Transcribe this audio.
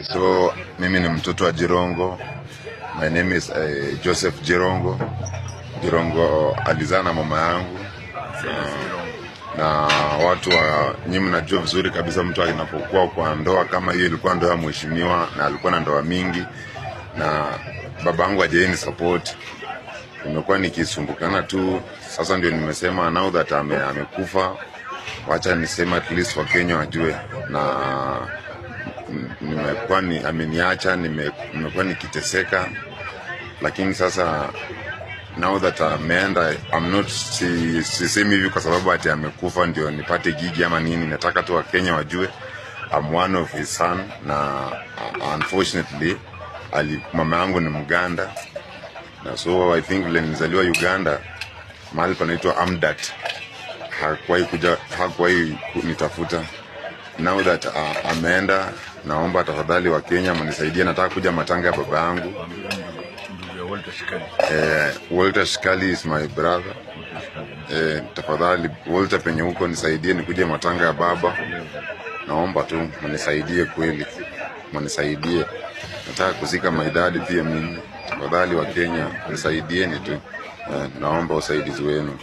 So mimi ni mtoto wa Jirongo. My name is uh, Joseph Jirongo. Jirongo alizaa na mama yangu uh, na watu wa nyinyi mnajua vizuri kabisa, mtu anapokuwa kwa ndoa kama hiyo, ilikuwa ndoa ya mheshimiwa na alikuwa na ndoa mingi, na baba yangu hajaini support, nimekuwa nikisumbukana tu. Sasa ndio nimesema now that ame, amekufa, wacha niseme at least Wakenya wajue na nimekuwa ni, ameniacha nimekuwa nikiteseka, lakini sasa now that ameenda, I'm not si, sisemi hivi kwa sababu ati amekufa ndio nipate gigi ama nini. Nataka tu Wakenya wajue I'm one of his son, na uh, unfortunately ali, mama yangu ni Mganda na so I think vile nilizaliwa Uganda mahali panaitwa Amdat, hakuwahi kuja hakuwahi kunitafuta now that uh, ameenda, naomba tafadhali wa Kenya mnisaidie, nataka kuja matanga ya baba yangu eh, Walter Shikali is my brother eh, tafadhali Walter, penye huko nisaidie nikuje matanga ya baba, naomba tu mnisaidie kweli, mnisaidie, nataka kuzika maidadi pia mimi. Tafadhali wa Kenya nisaidieni tu Uh, naomba usaidizi wenu.